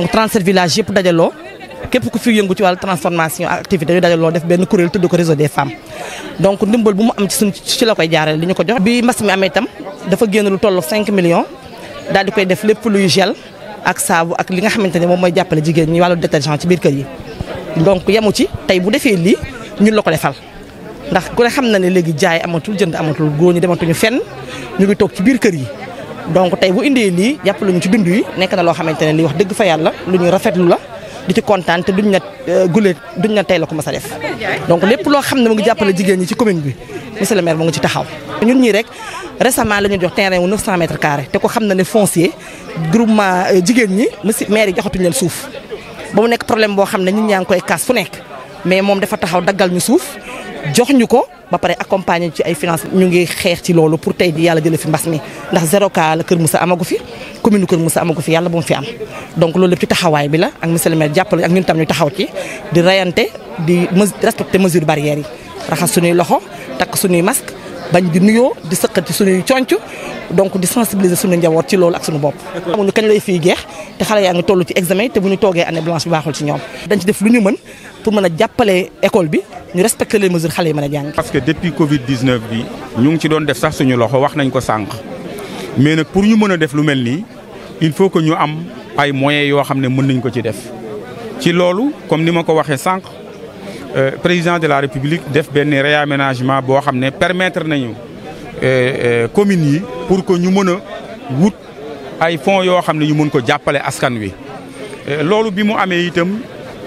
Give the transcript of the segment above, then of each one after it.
donc 37 villages yëpp dajaloo képp ku fi yëngu ci wàllu transformation ak activité yu dajaloo def benn kuréel tudd ko réseau des femmes donc ndimbal bu mu am ci suñ ci la koy jaarale li ñu ko jox. bi mbas mi amee tam dafa génn lu toll 5 millions daal di koy def lépp luy gel ak saabu ak li nga xamante ne moom mooy jàppale jigéen ñi wàllu détergent ci biir kër yi donc yemu ci tey bu defee lii ñu la ko defal. ndax ku ne xam na ne léegi jaay amatul jënd amatul góor ñi dematuñu fenn ñu ngi toog ci biir kër yi. donc tey bu indee lii jàppale ñu ci dund yi nekk na loo xamante ne lii wax dëgg fa yàlla lu ñu rafetlu la di ci kontaan te duñ na euh, gulee duñ na tey la ko ma sa def donc lépp loo xam ne mu ngi jàppale jigéen ñi ci commune bi monsieur le maire mu taxaw ñun ñii rek récemment la ñu jox terrain wu 900 mètres carrés te ko xam na ne foncier groupement euh, jigéen ñi monsieur maire yi joxatuñ leen suuf ba mu nekk problème boo xam ne ñun ñaa ngi koy kaas fu nekk mais moom dafa taxaw daggal ñu suuf jox ñu ko ba pare accompagner ci ay finance ñu ngi xeex ci loolu pour tey ji yàlla jëlee fi mbas mi ndax zéro cas la Kër Moussa amagu fi commune Kër Moussa amagu fi yàlla bu mu fi am donc loolu lépp ci taxawaay bi la ak monsieur le maire jàppale ak tam ñu taxaw ci di rayante di respecter mesure barrières yi raxas suñuy loxo takk suñuy masque bañ di nuyoo di sëqati suñuy conc donc di sensibiliser suñu njaboot ci loolu ak suñu bopp amuñu kañ lay fii geex te xale yaa ngi toll ci examen te bu ñu toogee année blanche bi baaxul ci ñoom dañ pour mën a école bi ñu respecter les mesures xale yi jang parce que depuis Covid 19 bi ñu ngi ci doon def sax suñu loxo wax nañ ko sànq mais nag pour ñu mën a def lu mel il faut que ñu am ay moyens yo xamné ne mën nañ ko ci def ci lolu comme nima ko waxé sank euh, président de la république def ben réaménagement bo xamné permettre nañu euh, euh, commune yi pour que ñu mëna wut ay fonds yo xamné ñu mën ko jappalé askan wi euh, lolu bi mu amé itam.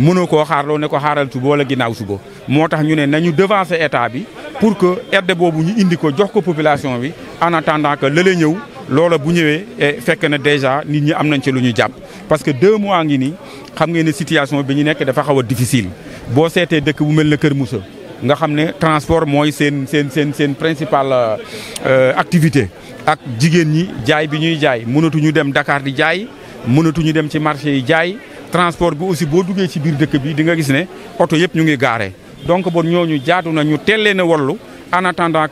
mënoo koo xaarloo ne ko xaaral suba wala ginnaaw suba moo tax ñu ne nañu devancer état bi pour que aide boobu ñu indi ko jox ko population bi en attendant que ñëw loola bu ñëwee e fekk na déjà nit ñi am nañ ci lu ñu jàpp. parce que deux mois ngi nii xam ngeen ne situation bi ñu nekk dafa xaw a difficile boo seetee dëkk bu mel ne Kër Moussa nga xam ne transport mooy seen seen seen seen principale euh, activité. ak jigéen ñi jaay bi ñuy jaay mënatuñu dem Dakar di jaay mënatuñu dem ci marché yi jaay. transport bi aussi boo duggee ci biir dëkk bi dinga gis ne oto yëpp ñu ngi gaare donc bon ñooñu jaadu na ñu teel leen a wallu en attendant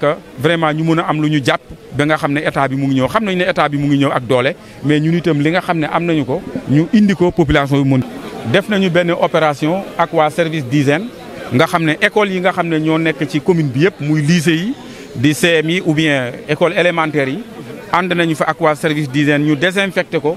ñu mën a am lu ñu jàpp ba nga xam ne état bi mu ngi ñëw xam nañ ne état bi mu ngi ñëw ak doole mais ñun itam li nga xam ne am nañu ko ñu indi ko population bi mën. def nañu benn opération ak waa service d'hygiène nga xam ne école yi nga xam ne ñoo nekk ci commune bi yëpp muy lycée yi di CM yi ou bien école élémentaire yi ànd nañu fa ak waa service d'hygiène ñu désinfecté ko.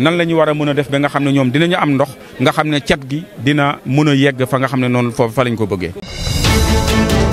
nan la ñu war a mën a def ba nga xam ne ñoom dinañu am ndox nga xam ne cat gi dina mën a yegg fa nga xam ne noonu foofu fa lañ ko bëggee.